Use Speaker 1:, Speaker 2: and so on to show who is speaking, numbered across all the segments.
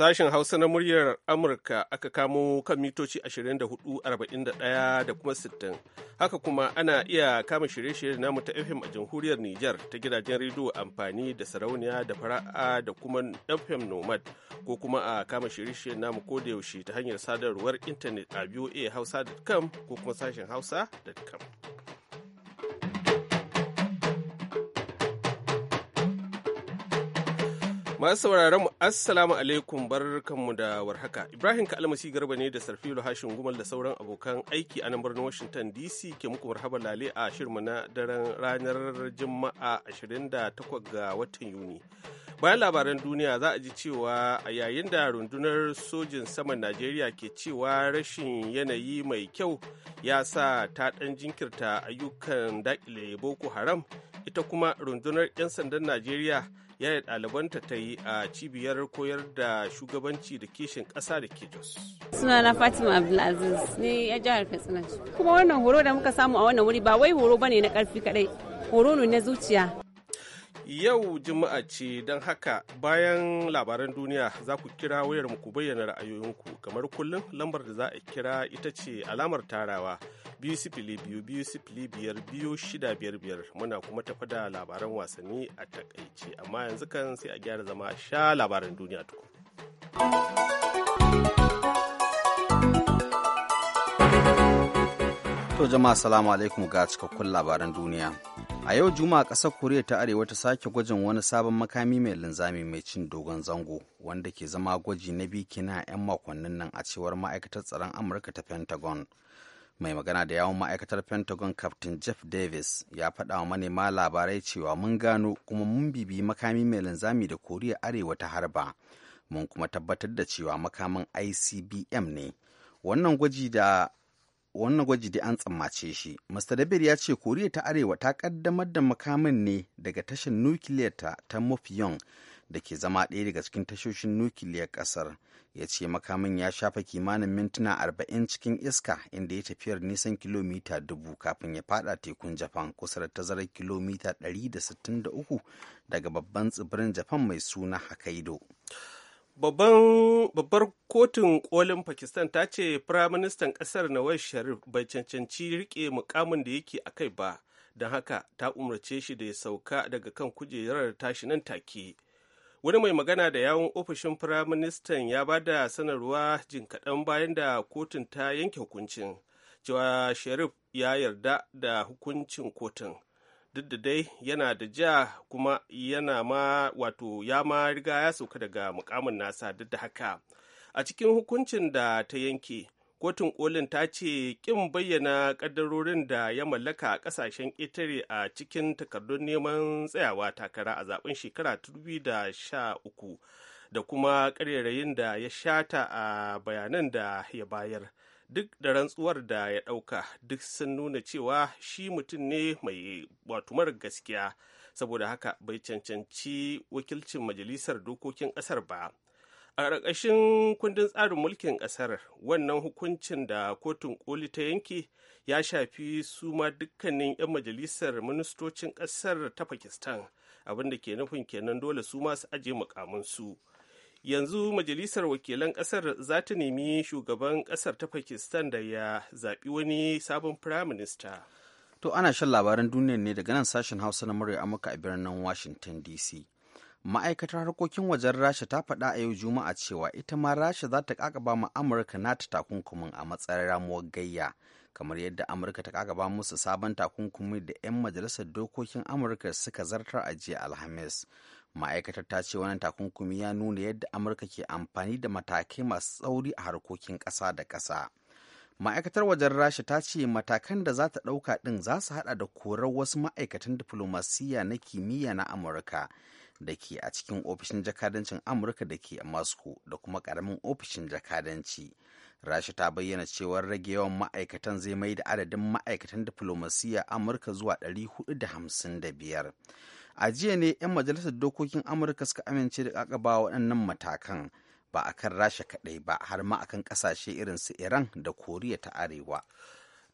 Speaker 1: Sashen Hausa na muryar Amurka aka kamo kan mitoci 24,41 da kuma 60. Haka kuma ana iya kama shirye-shirye namu ta FM a jamhuriyar Nijar ta gidajen rediyo amfani da sarauniya da fara'a da kuma FM Nomad ko kuma a kama shirye-shirye namu yaushe ta hanyar sadarwar intanet a hausa.com ko kuma sashen hausa.com. Masu sauraron mu assalamu alaikum barkanmu da warhaka. Ibrahim Kalmasi Garba ne da Sarfilu Hashin Gumal da sauran abokan aiki a nan birnin Washington DC ke muku marhaba lale a mu na daren ranar Juma'a 28 ga watan Yuni. Bayan labaran duniya za a ji cewa a yayin da rundunar sojin saman Najeriya ke cewa rashin yanayi mai kyau ya sa ta ɗan jinkirta ayyukan dakile Boko Haram ita kuma rundunar 'yan sandan Najeriya yaya ɗalibanta ta yi a cibiyar koyar da shugabanci da kishin ƙasa da ke Jos.
Speaker 2: Sunana Fatima Abdulaziz ne ya jihar Katsina. Kuma wannan horo da muka samu a wannan wuri ba wai horo bane na ƙarfi kaɗai, horo ne na zuciya.
Speaker 1: Yau Juma'a ce don haka bayan labaran duniya za ku kira wayar ku bayyana ra'ayoyinku kamar kullum lambar da za a kira ita ce alamar tarawa biyu sifili biyu biyu sifili biyar biyu shida biyar biyar muna kuma tafi da labaran wasanni a takaice amma yanzu kan sai a gyara zama a sha labaran duniya tuku.
Speaker 3: To jama'a salamu alaikum ga cikakkun labaran duniya. a yau juma'a ƙasar koriya ta arewa ta sake gwajin wani sabon makami mai linzami mai cin dogon zango wanda ke zama gwaji na biyu kina 'yan makonnin nan a cewar ma'aikatar tsaron amurka ta pentagon mai magana da yawon ma'aikatar pentagon captain jeff davis ya faɗa wa manema labarai cewa mun gano kuma mun bibi makami mai linzami da koriya arewa ta harba mun kuma tabbatar da cewa makamin icbm ne wannan gwaji da wannan gwaji dai an tsammace shi mr dabir ya ce koriya ta arewa ta kaddamar da makamin ne daga tashar nukiliyar ta ta mofiyong da ke zama ɗaya daga cikin tashoshin nukiliyar ƙasar ya ce makamin ya shafa kimanin mintuna arba'in cikin iska inda ya tafiyar nisan kilomita dubu kafin ya fada tekun japan kusa da tazarar kilomita 163 daga babban tsibirin japan mai suna hokkaido babbar kotun kolin pakistan ta ce
Speaker 1: firaministan ƙasar nawaz sharif bai cancanci rike mukamin da yake a kai ba don haka ta umarce shi da ya sauka daga kan kujerar tashi nan take wani mai magana da yawon ofishin firaministan ya ba da sanarwa jin kaɗan bayan da kotun ta yanke hukuncin cewa sharif ya yarda da hukuncin kotun duk da dai yana da ja kuma yana ma wato ya ma riga ya sauka daga mukamin nasa duk da haka a cikin hukuncin da ta yanke kotun kolin ta ce kin bayyana kaddarorin da ya mallaka a kasashen ƙetare a cikin takardun neman tsayawa takara a zaben shekara 2013 da kuma ƙarerayin da ya shata a bayanan da ya bayar duk da rantsuwar da ya ɗauka duk sun nuna cewa shi mutum ne mai wato mara gaskiya saboda haka bai cancanci wakilcin majalisar dokokin ƙasar ba a ƙarƙashin kundin tsarin mulkin ƙasar wannan hukuncin da kotun koli ta yanke ya shafi su ma dukkanin 'yan majalisar ministocin ƙasar ta pakistan abinda ke nufin kenan dole su masu su aje mukamansu yanzu majalisar wakilan kasar za ta nemi shugaban kasar ta pakistan da ya zaɓi wani sabon minister.
Speaker 3: to ana shan labaran duniya ne daga nan sashen hausa na murya amurka a birnin washington dc ma'aikatar harkokin wajen rasha ta faɗa a yau juma'a cewa ita ma rasha za ta kakaba ma amurka nata takunkumin a matsayin ramuwar gayya kamar yadda amurka ta kakaba musu sabon takunkumi da 'yan majalisar dokokin amurka suka zartar a jiya alhamis ma'aikatar ta ce wannan takunkumi ya nuna yadda amurka ke amfani da matakai masu tsauri a harkokin ƙasa da ƙasa ma'aikatar wajen rasha ta ce matakan da za ta ɗauka ɗin za su haɗa da korar wasu ma'aikatan diflomasiyya na kimiyya na amurka da ke a cikin ofishin jakadancin amurka da ke a moscow da kuma ƙaramin ofishin jakadanci rasha ta bayyana cewar rage yawan ma'aikatan zai mai da adadin ma'aikatan diflomasiyya amurka zuwa 455 a jiya ne 'yan majalisar dokokin amurka suka amince da ba waɗannan matakan ba a kan rasha kaɗai ba har ma akan ƙasashe irin su iran da koriya ta arewa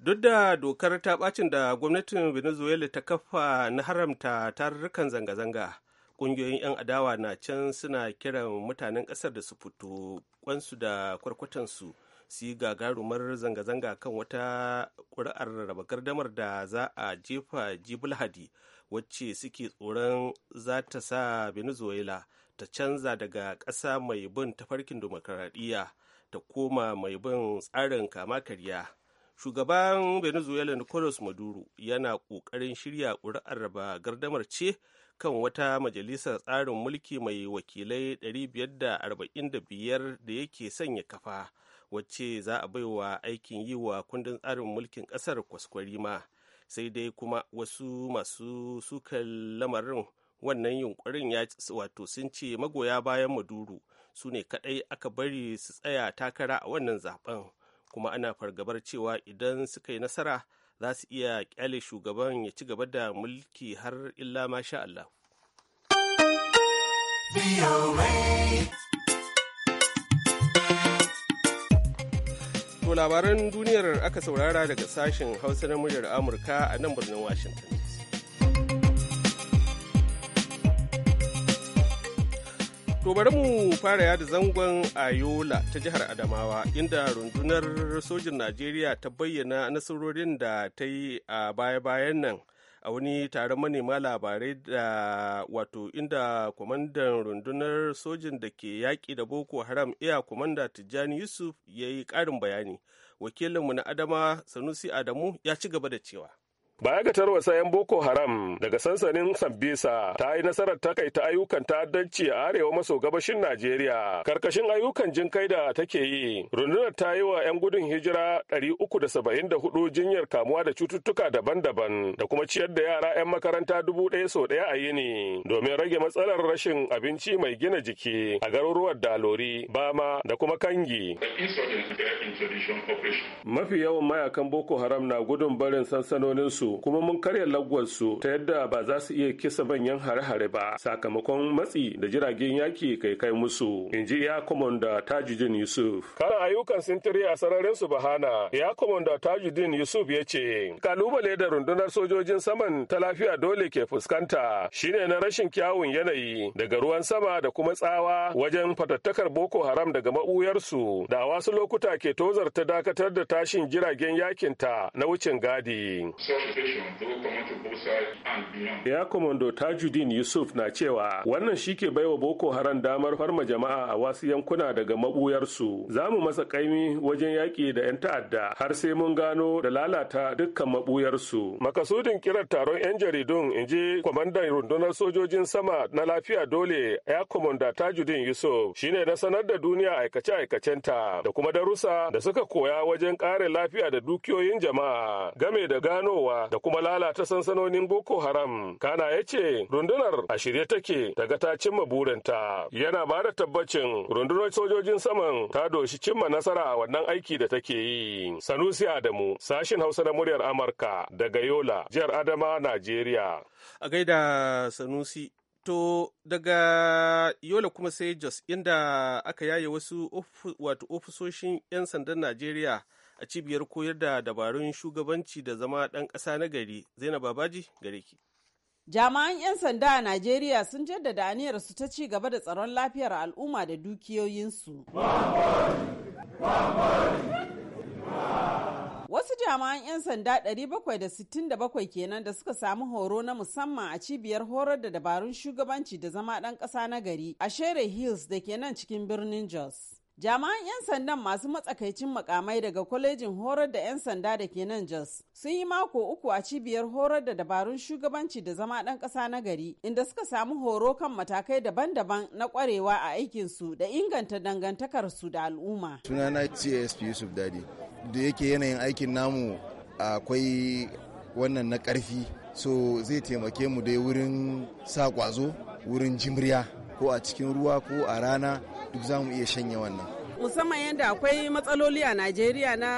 Speaker 1: duk da dokar ta bacin da gwamnatin venezuela ta kafa na haramta tarurrukan zanga-zanga ƙungiyoyin 'yan adawa na can suna kiran mutanen ƙasar da su fito kwansu da kwarkwatansu su yi gagarumar zanga-zanga kan wata ƙuri'ar raba gardamar da za a jefa jibul hadi. wacce suke tsoron za ta sa venezuela ta canza daga ƙasa mai bin tafarkin demokaradiyya ta koma mai bin tsarin kama karya shugaban venezuela nicolas maduro yana ƙoƙarin shirya ƙuri'ar ba gardamar ce kan wata majalisar tsarin mulki mai wakilai 545 da yake sanya kafa wacce za a baiwa aikin yi wa kundin tsarin mulkin ƙasar kwaskwarima sai dai kuma wasu masu sukar lamarin wannan yunkurin ya wato sun ce magoya bayan maduru su ne kadai aka bari su tsaya takara a wannan zaben kuma ana fargabar cewa idan suka yi nasara za su iya kyale shugaban ya ci gaba da mulki har illa masha Allah. To labaran duniyar aka saurara daga sashen Hausa na muryar Amurka a nan birnin Washington. To bari mu fara yada zangon Ayola ta jihar Adamawa inda rundunar sojin Najeriya ta bayyana nasarorin da ta yi a baya-bayan nan a wani taron manema labarai da wato inda kwamandan rundunar sojin da ke yaƙi da boko haram iya kwamanda tijjani yusuf ya yi ƙarin bayani wakilinmu na adama sanusi adamu ya ci gaba da cewa
Speaker 4: Baya ga tarwasa 'yan Boko Haram daga sansanin Sambisa ta yi nasarar takaita ayyukan ta'addanci a arewa maso gabashin Najeriya. Karkashin ayyukan jin kai da take yi, rundunar ta yi wa 'yan gudun hijira 374 jinyar kamuwa da cututtuka daban-daban da kuma ciyar da yara 'yan makaranta dubu ɗaya sau ɗaya a yini domin rage matsalar rashin abinci mai gina jiki a garuruwar Dalori, Bama da kuma Kangi. Mafi yawan mayakan Boko Haram na gudun barin sansanoninsu su kuma mun karya su ta yadda ba za su iya kisa manyan hare-hare ba sakamakon matsi da jiragen yaki kai kai musu in ji ya komanda tajudin yusuf kana ayyukan sintiri a sararin su bahana ya komanda tajudin yusuf ya ce kalubale da rundunar sojojin saman ta lafiya dole ke fuskanta shine na rashin kyawun yanayi daga ruwan sama da kuma tsawa wajen fatattakar boko haram daga maɓuyarsu da wasu lokuta ke tozarta dakatar da tashin jiragen yakinta na wucin gadi. Ya komando tajudin Yusuf na cewa wannan shi ke baiwa Boko Haram damar farma jama'a a wasu yankuna daga mabuyarsu. Za mu masa kaimi wajen yaƙi da 'yan ta'adda har sai mun gano da lalata dukkan mabuyarsu. Makasudin kirar taron 'yan jaridun in ji kwamandan rundunar sojojin sama na lafiya dole ya komanda Tajudin Yusuf shine na sanar da duniya aikace-aikacenta da kuma darussa da suka koya wajen kare lafiya da dukiyoyin jama'a game da ganowa da kuma lalata sansanonin Boko Haram. Kana ya ce rundunar a shirye take daga ta cimma burinta. Yana ba da tabbacin rundunar sojojin saman ta doshi cimma nasara a wannan aiki da take yi. Sanusi Adamu, sashin Hausa na muryar Amurka daga Yola, jihar Adama,
Speaker 1: Najeriya. A gaida Sanusi To daga Yola kuma sai Jos inda aka yaye wasu ofisoshin 'yan sandan Najeriya a cibiyar koyar da dabarun shugabanci da zama ɗan ƙasa na gari zainab babaji gare ki
Speaker 2: jami'an 'yan sanda a najeriya sun jaddada aniyarsu ta ci gaba da tsaron lafiyar al'umma da dukiyoyinsu Wasu jama'an 'yan sanda 767 kenan da suka samu horo na musamman a cibiyar horar da dabarun shugabanci da zama ɗan ƙasa na gari a Shere Hills da ke nan cikin birnin Jos. Jami'an 'yan sandan masu matsakaicin makamai daga kwalejin horar da 'yan sanda da ke nan Jos sun yi mako uku a cibiyar horar da dabarun shugabanci da zama ɗan ƙasa na gari inda suka samu horo kan matakai daban-daban na kwarewa a aikinsu da inganta dangantakarsu da al'umma.
Speaker 5: Sunana CSP Yusuf Dadi da yake yanayin aikin namu akwai wannan na ƙarfi so zai taimake mu dai wurin sa ƙwazo wurin jimriya ko a cikin ruwa
Speaker 6: ko a rana duk za mu iya shanye wannan
Speaker 2: musamman yadda akwai matsaloli a najeriya na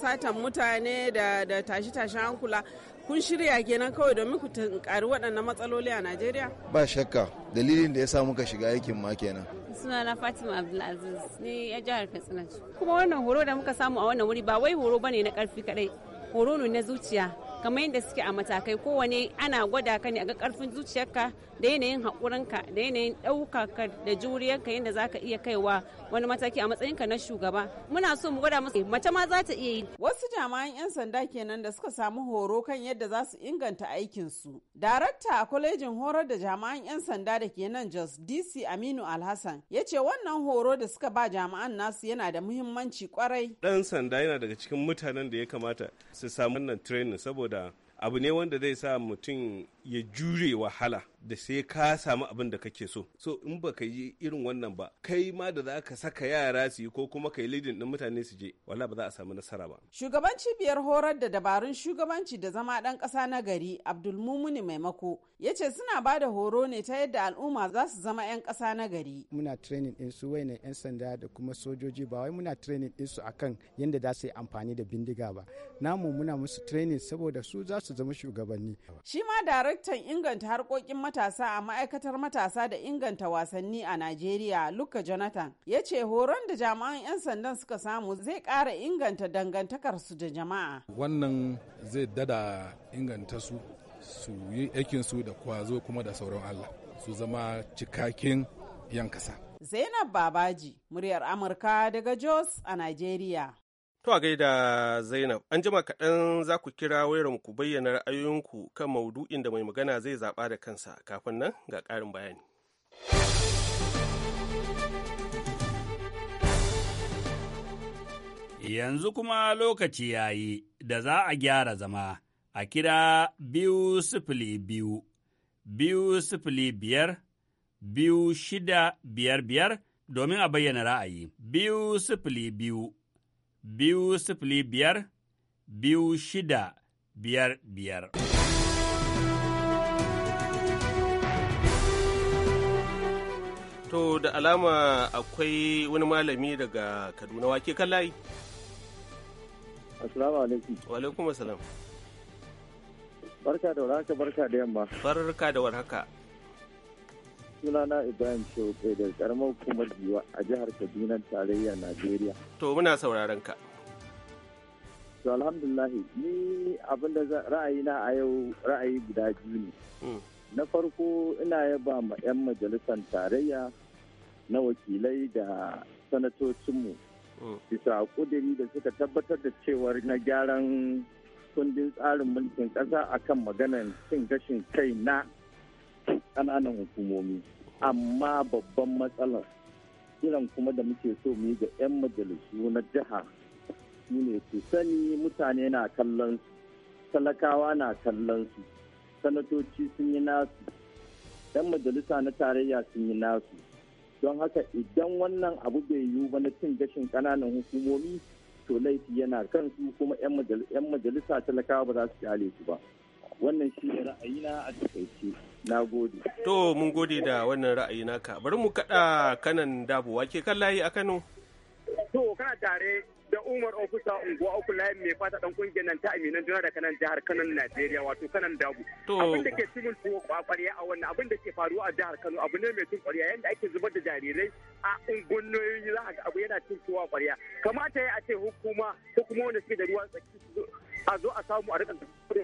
Speaker 2: satan mutane da, da tashi-tashin hankula kun shirya kenan kawai domin ku tunkari waɗannan matsaloli a najeriya
Speaker 6: ba shakka dalilin da ya sa muka shiga aikin ma kenan
Speaker 2: suna na fatima abdulaziz ne ya jihar katsina kuma wannan horo da muka samu a wannan wuri ba wai horo bane na karfi kadai horo ne na zuciya kamar yadda suke a matakai kowane ana gwada ka ne a ga karfin zuciyarka da yanayin haƙurinka da yanayin ɗaukaka da juriyarka yadda za ka iya kaiwa wani mataki a matsayinka na shugaba muna so mu gwada musu mace ma za ta iya yi wasu jami'an 'yan sanda kenan da suka samu horo kan yadda za su inganta aikinsu darakta a kwalejin horar da jami'an 'yan sanda da ke nan jos dc aminu alhassan ya ce wannan horo da suka ba jami'an nasu yana da muhimmanci kwarai
Speaker 1: dan sanda yana daga cikin mutanen da ya kamata su samu wannan training saboda saboda abu ne wanda zai sa mutum ya jure wahala da sai ka samu abin da kake so so in ba ka yi irin wannan ba kai ma da za ka saka yara su yi ko kuma ka yi lidin din mutane su je wala ba za a samu nasara ba
Speaker 2: shugaban cibiyar horar da dabarun shugabanci da zama ɗan kasa na gari abdulmumuni maimako ya ce suna ba da horo ne ta yadda al'umma za su zama 'yan kasa na gari muna
Speaker 6: training din su wayannan
Speaker 2: 'yan sanda da kuma sojoji ba wai muna training din su akan yadda za su yi
Speaker 6: amfani da bindiga ba namu muna musu training saboda su za su zama shugabanni
Speaker 2: shi ma Daraktan inganta harkokin matasa a ma'aikatar matasa da inganta wasanni a Najeriya, Luka Jonathan, ya ce horon da jami'an 'yan sandan suka samu zai ƙara inganta dangantakarsu da jama'a.
Speaker 4: Wannan zai dada inganta su su yi aikinsu da kwazo kuma da sauran Allah, su zama cikakin 'yan kasa.
Speaker 2: Zainab Babaji, muryar Amurka daga Jos a Najeriya.
Speaker 1: To a gaida Zainab, an jima kaɗan za ku kira wayarmu ku bayyana ra'ayoyinku kan maudu'in da mai magana zai zaɓa da kansa kafin nan ga ƙarin bayani. Yanzu
Speaker 7: kuma lokaci ya yi da za a gyara zama a kira biyu sifili biyu, biyu sifili biyar, biyu shida biyar biyar domin a bayyana ra'ayi, biyu sifili biyu. biyu sifili biyar biyu shida biyar biyar.
Speaker 1: To da alama akwai wani malami daga Kaduna wake kan layi. Assalamu alaikum. Wa alaikum assalam. Barka da warhaka barka da yamma. Barka da warhaka.
Speaker 7: sunana Ibrahim Shehu da karamar hukumar Giwa a jihar Kaduna tarayyar Najeriya.
Speaker 1: To muna sauraron ka.
Speaker 7: To alhamdulahi ni abin da ra'ayina a yau ra'ayi guda biyu ne. Hmm. Na farko ina yaba ma 'yan majalisar tarayya na wakilai da sanatocinmu hmm. bisa kudiri da suka tabbatar da cewar na gyaran kundin tsarin mulkin ƙasa akan maganar cin gashin kai na ƙananan hukumomi amma babban matsalar kiran kuma da muke so mu yi ga 'yan majalisu na jiha su ne su sani mutane na kallon talakawa na kallon su sanatoci sun yi nasu 'yan majalisa na tarayya sun yi nasu don haka idan wannan abu bai yiwu ba na cin gashin kananan hukumomi to laifi yana kan su kuma 'yan majalisa talakawa ba za su kyale su ba wannan shi ne na a
Speaker 1: takaice. na gode to mun gode da wannan ra'ayi naka bari mu kaɗa kanan dabuwa ke kan layi a kano
Speaker 7: to kana tare da umar ofisa unguwa uku layin mai fata dan kungiyar nan ta aminan juna da kanan jihar kanan najeriya wato kanan dabu abin da ke cimin tuwo kwakwariya a wannan abin da ke faruwa a jihar kano abu ne mai cin kwariya yadda ake zubar da jarirai a ungunnoyi za a ga abu yana cin tuwo kwariya kamata ya a ce hukuma ko kuma wanda suke da ruwan tsaki a zo a samu a rika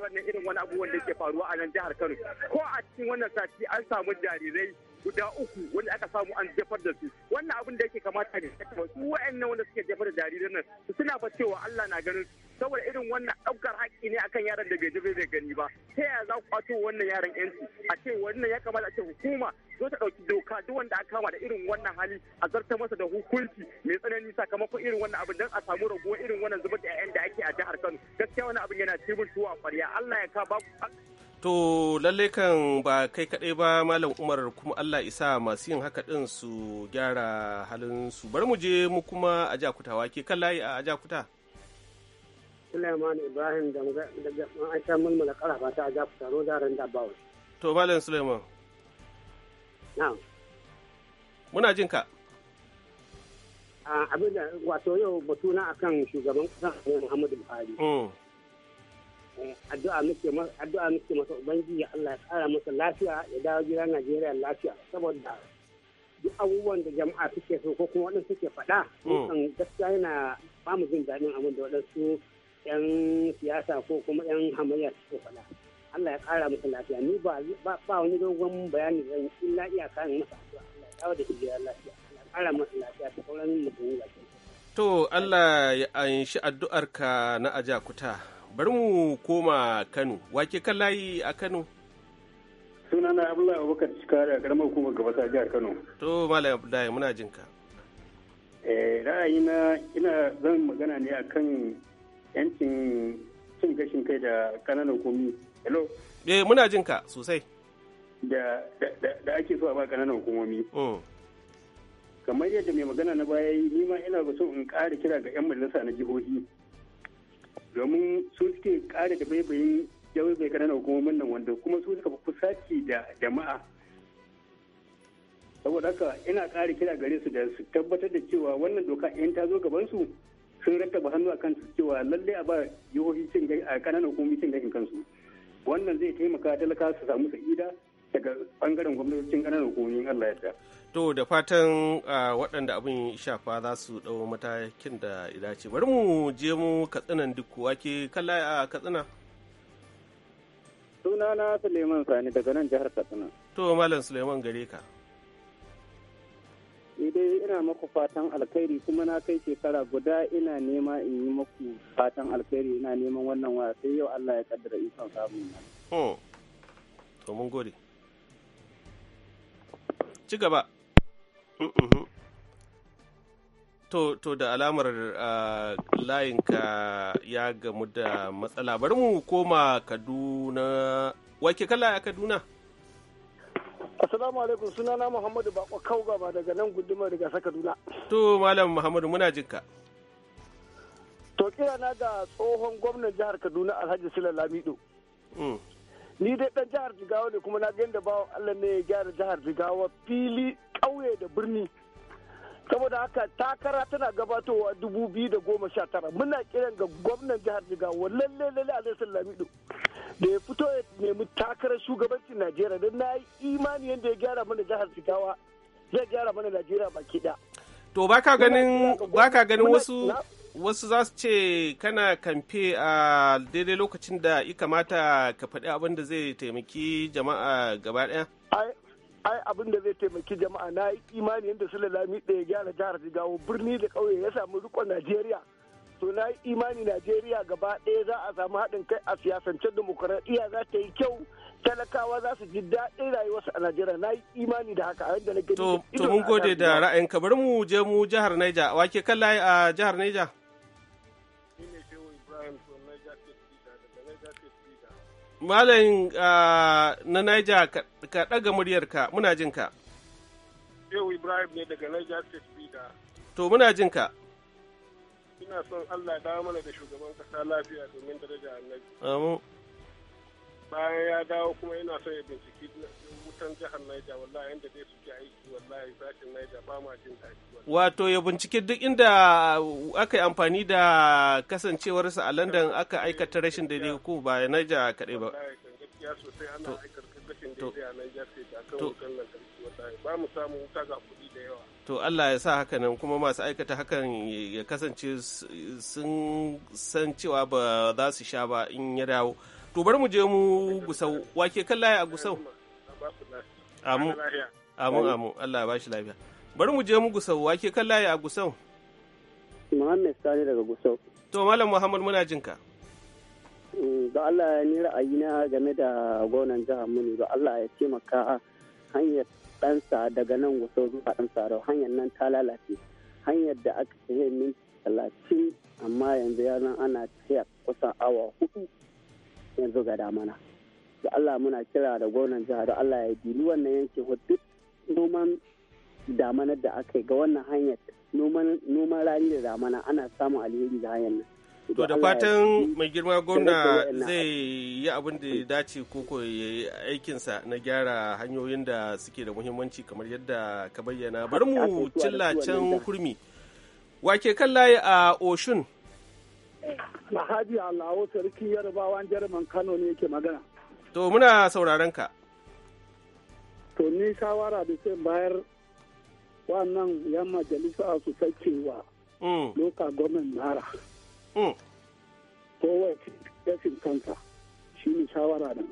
Speaker 7: wannan irin wani abubuwan da ke faruwa a nan jihar Kano ko a cikin wannan sati an samu jarirai guda uku wanda aka samu an jefar da su wannan abin da yake kamata ne su wa'annan wanda suke jefar da jariran nan suna ba cewa Allah na ganin saboda irin wannan ɗaukar haƙƙi ne akan yaran da bai jefe bai gani ba ta yaya za ku kwato wannan yaran yanci a ce wannan ya kamata a ce hukuma zo ta ɗauki doka duk wanda aka kama da irin wannan hali a zartar masa da hukunci mai tsanani sakamakon irin wannan abin don a samu raguwa irin wannan zubar da 'ya'yan da ake a jihar Kano gaskiya wannan abin yana cibin tuwa ƙwarya Allah ya ka ba
Speaker 1: To lalle kan ba kai kaɗai ba Malam Umar kuma Allah isa masu yin haka ɗin su gyara halin su. Bari mu je mu kuma a Jakuta wa ke kan layi a Jakuta.
Speaker 7: Suleiman Ibrahim da ma'aikatar mulmula ƙarafa ta a Jakuta da Dabawa.
Speaker 1: To Malam Suleiman. Na'am. Muna jin ka.
Speaker 7: Ah, abin da wato yau batuna akan shugaban ƙasa Muhammadu Buhari. Mm. addu'a muke addu'a muke masa ubangiji Allah ya kara masa lafiya ya dawo gida Najeriya lafiya saboda duk abubuwan da jama'a suke so ko kuma waɗansu suke faɗa hmm. kan gaskiya yana ba mu jin daɗin abin da waɗansu 'yan siyasa ko kuma 'yan hamayya suke faɗa. Allah ya kara masa lafiya ni ba ba wani dogon bayani zan illa iyaka ne masa addu'a Allah ya dawo da hijira lafiya Allah ya kara masa lafiya ta sauran mutum lafiya
Speaker 1: to Allah ya anshi addu'arka na ajakuta bari mu koma Kano wake kan layi a Kano
Speaker 7: sunana Abdullahi Abubakar Cikari a karamar hukumar ta jihar Kano
Speaker 1: to Malam Abdullahi muna jin ka
Speaker 7: eh ra'ayina ina zan magana ne akan yancin cin gashin kai da kananan komi hello
Speaker 1: eh muna jin ka sosai
Speaker 7: da da ake so a ba kananan hukumomi mm. kamar yadda mai magana na baya yi ni ma ina so in ƙara kira ga 'yan majalisa na jihohi domin su suke kare da baibayin jawai bai kananan hukumomin nan wanda kuma su suka fi saki da jama'a saboda haka ina kara kira gare su da su tabbatar da cewa wannan doka in ta zo gaban su sun rattaba hannu a kansu cewa lallai a ba jihohi cin a kananan hukumomi cin gashin kansu wannan zai taimaka talaka su samu sa'ida daga bangaren gwamnatocin kanar hukumomin Allah ya
Speaker 1: To da fatan waɗanda abin shafa za su ɗau matakin da ya dace. Bari mu je mu katsinan duk kuwa ke kalla a katsina.
Speaker 7: Sunana Suleiman Sani daga nan jihar Katsina.
Speaker 1: To Malam Suleiman gare ka. idai ina maku fatan alkhairi kuma na kai shekara guda ina nema in yi maku
Speaker 7: fatan alkhairi ina neman wannan waya sai yau Allah ya kaddara ikon samun
Speaker 1: oh hmm. To mun gode. ci gaba mm-hmm. to to da alamar ah, layinka ya gamu da matsala bari mu koma kaduna wake kala a kaduna
Speaker 7: Assalamu alaikum sunana Muhammadu Bako Kauga ba daga nan gudumar daga Kaduna.
Speaker 1: To Malam Muhammadu muna jinka.
Speaker 7: To kira na ga tsohon gwamnan jihar Kaduna Alhaji Sula Lamido. Mm. ni dai dan jihar jigawa ne kuma na ga da bawan allah ne ya gyara jihar jigawa fili ƙauye da birni saboda haka takara tana gabatowa dubu biyu da goma sha tara muna kiran ga gwamnan jihar jigawa lalle lalle alhassan lamido da ya fito ya nemi takarar shugabancin najeriya don na yi imani yadda ya gyara mana jihar jigawa zai gyara mana najeriya
Speaker 1: baki ɗaya. to baka ganin baka ganin wasu wasu za su ce kana kamfe a daidai lokacin da ya kamata ka faɗi abin da zai taimaki jama'a gaba ɗaya?
Speaker 7: ai abin da zai taimaki jama'a na imani yadda su lalami ɗaya gyara jihar jigawa birni da ƙauye ya samu rikon najeriya to na imani najeriya gaba ɗaya za a samu haɗin kai a siyasance dimokuraɗiyya za ta yi kyau talakawa za su ji daɗin rayuwarsu a najeriya na yi imani da haka a yadda na gani to mun gode
Speaker 1: da ra'ayinka bari mu je mu jihar naija wake kan layi a jihar naija Malam ah, na Niger ka ɗaga muryarka muna jin ka. Ibrahim ne daga Niger State Bida. To muna jin ka. Ina son Allah ya dawo mana da shugaban kasa lafiya domin daraja annabi. Amin. Bayan ya dawo kuma ina son ya binciki jihar Wato ya bincike duk inda aka yi amfani da kasancewarsa a London aka eh, aikata rashin daidai ko ba Niger kaɗai ba. ba kuɗi da yawa. To Allah ya sa haka nan kuma masu aikata hakan ya kasance sun san cewa ba za su sha ba in ya dawo. To bari mu je mu gusau wake kan a gusau. amu amu Allah ya ba shi lafiya. Bari mu je mu gusau wake kan laye a gusau. Muhammad Sani daga gusau. To Malam Muhammad muna jin ka.
Speaker 7: Ga mm, Allah ni ra'ayina game da gonan jihar Muni ga Allah ya taimaka hanyar ɗansa daga nan gusau zuwa ɗan sarau hanyar nan ta lalace hanyar da aka tafiya min talatin amma yanzu ya zan ana tsaya kusan awa hudu yanzu ga damana. da Allah muna kira da gwamnan jiha da Allah ya bi wannan yankin duk noman damanar da aka yi ga wannan hanyar noman rani da damana ana samun alheri da hanyar nan. To da fatan mai
Speaker 1: girma gwamna zai yi abin da ya dace koko ya yi aikinsa na gyara hanyoyin da suke da muhimmanci kamar yadda ka bayyana. Bari mu cilla can kurmi. Wake kan layi a Oshun.
Speaker 7: Lahadi Allahu sarki Yarbawan Jarman Kano ne yake magana.
Speaker 1: To muna sauraron ka. To
Speaker 7: ni shawara da sai bayar wannan yan majalisa su wa mm. loka gwamnan nara. Mm. Kowa yasin kansa shi ne shawara da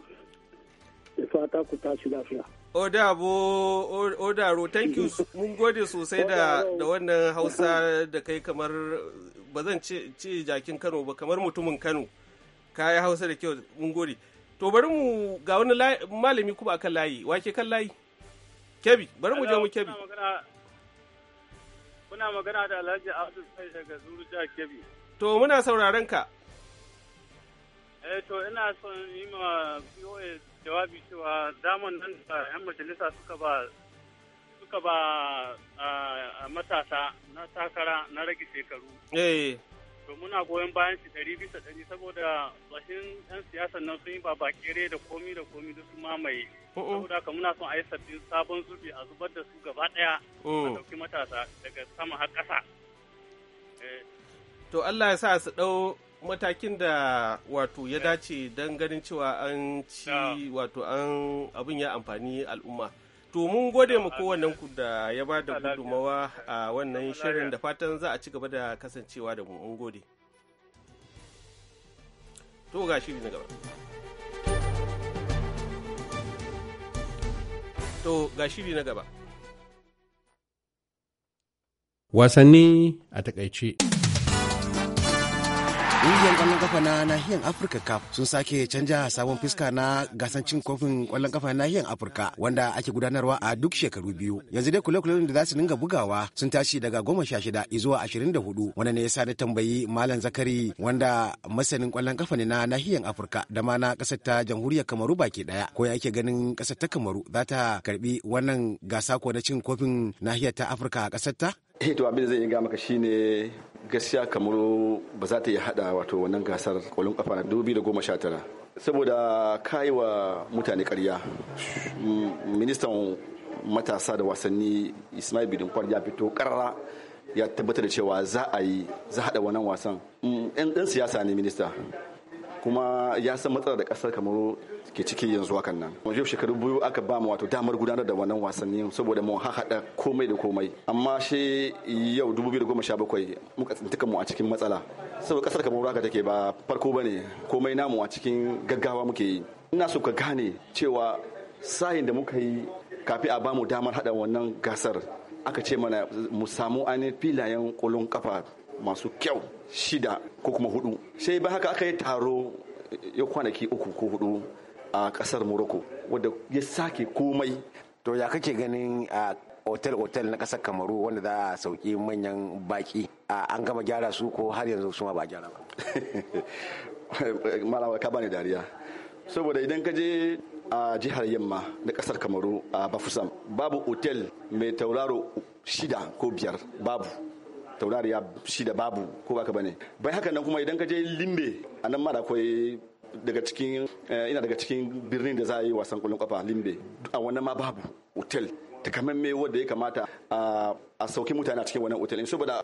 Speaker 7: da fata ku tashi lafiya.
Speaker 1: Odabo, ro thank you, mun gode sosai da wannan hausa da kai kamar ba zan ce jakin Kano ba kamar mutumin Kano. Kayi hausa da kyau, mun gode. to bari mu ga wani malami kuma akan layi wake kan layi kebi bari mu je mu kebi kuna magana da alhaji abdul sai daga zuru ja kebi to muna sauraron ka
Speaker 7: eh to ina son yi ma voa jawabi cewa zaman nan da yan majalisa suka ba suka ba ah, matasa na takara na rage shekaru eh to muna goyon bayan shi ɗari bisa dari saboda bashin 'yan siyasan nan sun yi ba bakere da komi da komi da su mamaye oh, oh. saboda haka muna son a yi sabbin sabon zubi a zubar da su gaba daya oh. a ɗauki matasa daga sama har kasa eh.
Speaker 1: to Allah ya sa su ɗau matakin da wato ya dace don ganin cewa an ci wato an abin ya amfani al'umma To mun gode ma kowannen ku da ya ba da gudummawa a wannan shirin da fatan za a ci gaba da kasancewa da mu mun gode. To ga shiri na gaba. To ga shiri na gaba.
Speaker 5: Wasanni a takaice. Ƙungiyar ƙwallon kafa na nahiyar Afirka Cup sun sake canja sabon fuska na gasar cin kofin ƙwallon kafa na nahiyar Afirka wanda ake gudanarwa a duk shekaru biyu. Yanzu dai kule-kulen da za su dinga bugawa sun tashi daga goma sha shida zuwa ashirin da hudu wanda ne ya sa na tambayi Malam Zakari wanda masanin ƙwallon kafa ne na nahiyar Afirka da ma na ƙasar ta jamhuriyar Kamaru baki ɗaya. Ko ya ake ganin ƙasar ta Kamaru za ta karɓi wannan gasa ko na cin kofin nahiyar ta Afirka a
Speaker 6: ƙasar ta? Eh, to abin da zan yi ga maka shine gaskiya kamar ba za ta yi hada wato wannan gasar kwallon kafa 2019 saboda kai wa mutane karya ministan matasa da wasanni ismail bidin ya fito karara ya tabbatar da cewa za a yi za hada wannan wasan ɗan mm, siyasa ne minista kuma ya san matsalar da kasar kamar. ke ciki yanzu hakan nan yau shekaru biyu aka ba mu wato damar gudanar da wannan wasanni saboda mu haɗa komai da komai amma shi yau 2017 muka tsintuka mu a cikin matsala saboda kasar kamar haka take ba farko bane komai namu a cikin gaggawa muke yi ina so ka gane cewa sayin da muka yi kafi a ba mu damar haɗa wannan gasar aka ce mana mu samu ainihin filayen kolon kafa masu kyau shida ko kuma hudu sai ba haka aka yi taro ya kwanaki uku ko hudu a kasar morocco wadda ya sake komai to ya kake ganin a otel-otel na kasar kamaru wanda za a sauki manyan baki an gama gyara su ko har yanzu su ma ba gyara ba malawa ka bani dariya saboda idan ka je a jihar yamma na kasar kamaru a bafusam babu otel mai tauraro shida ko biyar babu ya shida babu ko baka bane bai haka nan kuma idan ka je limbe a nan mara akwai daga cikin eh, ina daga cikin birnin da za a yi wasan kwallon kafa limbe a wannan ma babu hotel takamaimai wanda ya kamata a sauki mutane a cikin wannan hotel saboda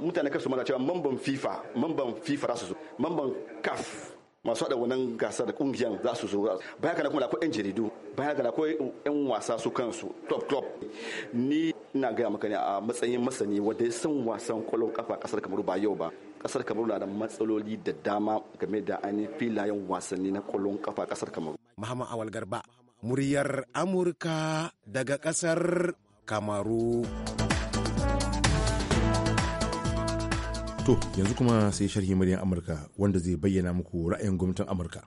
Speaker 6: mutane kasu mana cewa mamban fifa mamban fifa za su zo mamban caf masu haɗa wannan gasar da ƙungiyan za su zo baya kana kuma akwai 'yan jaridu baya kana akwai 'yan wasa su kansu top top ni ina gaya maka ne a matsayin masani wanda ya san wasan kwallon kafa kasar kamar ba yau ba kasar kamaru na da matsaloli da dama game da ainihin filayen wasanni na kwallon kafa kasar kamaru
Speaker 5: muhammad awal garba muryar amurka daga kasar kamaru to yanzu kuma sai sharhi muryar amurka wanda zai bayyana muku ra'ayin gwamnatin amurka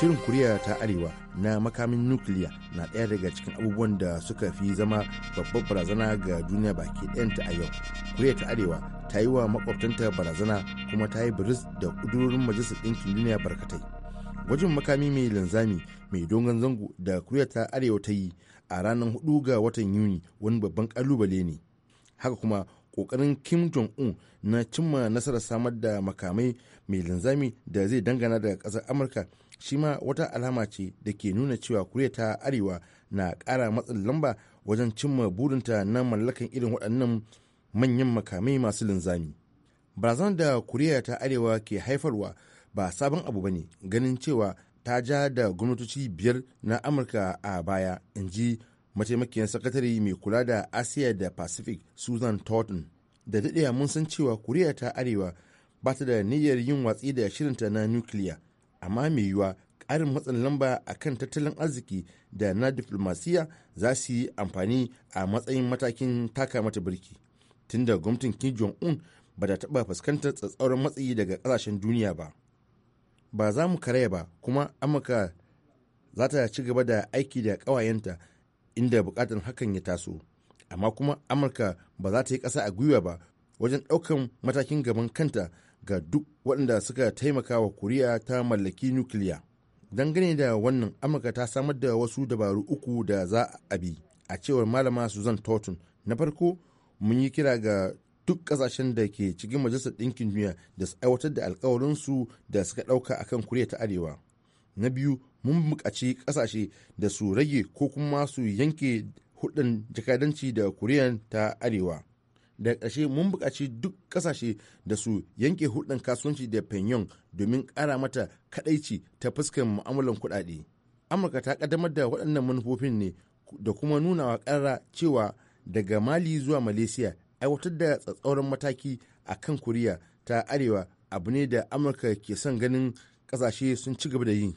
Speaker 5: shirin kuriya ta arewa na makamin nukiliya na ɗaya daga cikin abubuwan da suka fi zama babbar barazana ga duniya baki ɗayanta a yau kuriya ta arewa ta yi wa makwabtanta barazana kuma ta yi biris da ƙudurorin majalisar ɗinkin duniya barkatai gwajin makami mai linzami mai dogon zango da kuriya ta arewa ta yi a ranar hudu ga watan yuni wani babban kalubale ne haka kuma kokarin kim jong-un na cimma nasarar samar da makamai mai linzami da zai dangana daga ƙasar amurka shi ma wata alama ce da ke nuna cewa kuriya ta arewa na kara matsin lamba wajen cimma burinta na mallakan irin waɗannan manyan makamai masu linzami barazan da kuriya ta arewa ke haifarwa ba sabon abu ba ne ganin cewa ta ja da gwamnatoci biyar na amurka a baya in ji mataimakiyar sakatare mai kula da asiya da pacific susan thornton da daɗaya mun san cewa kuriya ta arewa ba ta da niyyar yin watsi da shirinta na nukiliya amma mai yiwuwa ƙarin matsin lamba a kan tattalin arziki da na diflomasiya za su yi amfani a matsayin matakin taka mata birki tunda gwamnatin kim jong-un ba ta taɓa fuskantar tsatsauran matsayi daga ƙasashen duniya ba ba za mu karaya ba kuma amurka za ta ci gaba da aiki da ƙawayenta inda buƙatar hakan ya taso amma kuma amurka ba za ta yi ƙasa a gwiwa ba wajen ɗaukan matakin gaban kanta ga duk waɗanda suka taimaka wa Koriya ta mallaki nukiliya. Dangane da wannan, Amurka ta samar da wasu dabaru uku da za a bi, a cewar Malama Susan Totun. Na farko, mun yi kira ga duk kasashen da ke cikin majalisar ɗinkin duniya da su aiwatar da alkawarinsu da suka ɗauka a kan kuriya ta arewa na biyu mun buƙaci ƙasashe da su rage ko kuma su yanke hudun jakadanci da kuriya ta arewa da ƙarshe mun buƙaci duk ƙasashe da su yanke hudun kasuwanci da pyongyang domin ƙara mata kaɗaici ta fuskar mu'amalan kuɗaɗe amurka ta ƙaddamar da waɗannan manufofin ne da kuma nuna wa ƙarara cewa daga mali zuwa malaysia aiwatar da tsatsauran mataki a kan kuriya ta arewa abu ne da amurka ke son ganin ƙasashe sun ci gaba da yi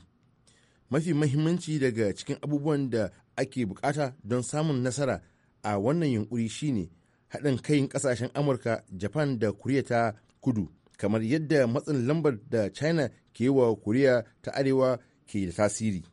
Speaker 5: mafi mahimmanci daga cikin abubuwan da ake bukata don samun nasara a wannan yunkuri shine haɗin kai ƙasashen amurka japan da koriya ta kudu kamar yadda matsin lambar da china ke wa koriya ta arewa ke da tasiri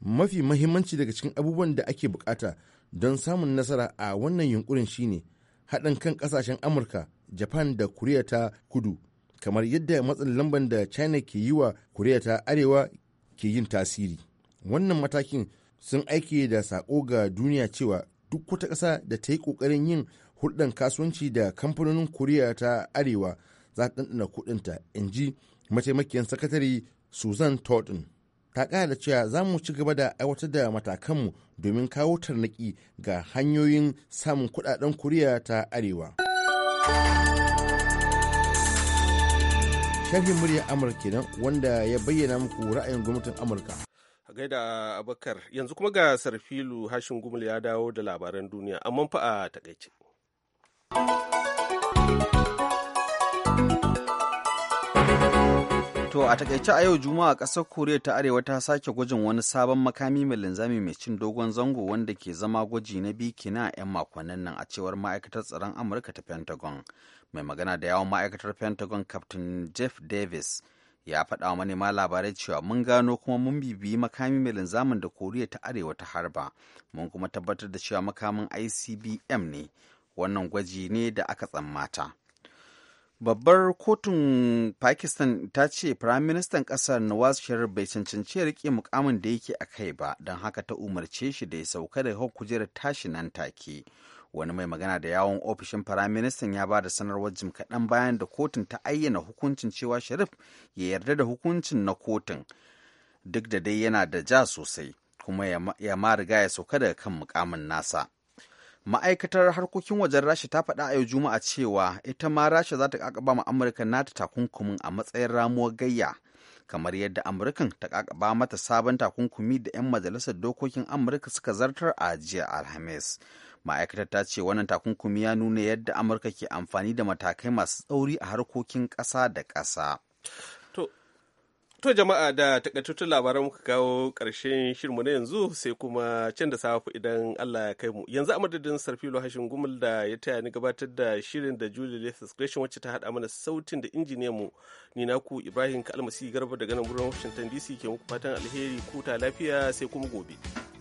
Speaker 5: mafi mahimmanci daga cikin abubuwan da ake bukata don samun nasara a wannan yunkurin shine haɗin kan ƙasashen amurka japan da koriya ta kudu kamar yadda matsin lambar da china ke yi wa koriya ta arewa ke yin tasiri wannan matakin sun aiki da sako ga duniya cewa duk wata ƙasa da ta yi ƙoƙarin yin hulɗan kasuwanci da kamfanonin koriya ta arewa za ta ɗanɗana kuɗinta in ji mataimakiyar sakatare susan totten ta ƙara da cewa za mu ci gaba da aiwatar da matakanmu domin kawo tarnaki ga hanyoyin samun kuɗaɗen koriya ta arewa sharhin muryar amurka nan wanda ya bayyana muku ra'ayin gwamnatin amurka
Speaker 1: a gaida abakar yanzu kuma ga sarfilu hashin gumul ya dawo da labaran duniya amma fa a takaice
Speaker 3: To a takaice a yau Juma'a ƙasar Koriya ta Arewa ta sake gwajin wani sabon makami mai linzami mai cin dogon zango wanda ke zama gwaji na biyu kina 'yan makonnin nan a cewar ma'aikatar tsaron Amurka ta Pentagon. Mai magana da yawon ma'aikatar Pentagon Captain Jeff Davis ya faɗa wa manema labarai cewa mun gano kuma mun bibiyi makami mai linzamin da Koriya ta Arewa ta harba. Mun kuma tabbatar da cewa makamin ICBM ne wannan gwaji ne da aka tsammata babbar kotun pakistan ta ce firaministan ƙasar nawaz sharif bai cancanci ya rike mukamin da yake a kai ba don haka ta umarce shi da ya sauka daga kujerar tashi nan take wani mai magana da yawon ofishin firaministan ya ba da sanarwar jim kaɗan bayan da kotun ta ayyana hukuncin cewa sharif ya yarda da hukuncin na kotun duk da dai yana da ja sosai kuma ya ma riga ya sauka daga kan mukamin nasa ma'aikatar harkokin wajen rasha ta faɗa a yau juma'a cewa ita ma rasha za ta kakaba ma amurka nata takunkumin a matsayin ramuwar gayya kamar yadda amurkan ta kakaba mata sabon takunkumi da 'yan majalisar dokokin amurka suka zartar a jiya alhamis ma'aikatar ta ce wannan takunkumi ya nuna yadda amurka ke amfani da matakai masu tsauri a harkokin ƙasa da ƙasa
Speaker 1: To jama'a da takaitattun labaran muka kawo ƙarshen shirmu na yanzu sai kuma can da safe idan Allah ya kai mu. Yanzu a madadin Sarfilo Hashin Gumul da ya taya ni gabatar da shirin da Julie Lee Subscription wacce ta haɗa mana sautin da injiniyan mu ni naku Ibrahim Kalmasi Garba daga nan birnin Washington DC ke muku fatan alheri ta lafiya sai kuma gobe.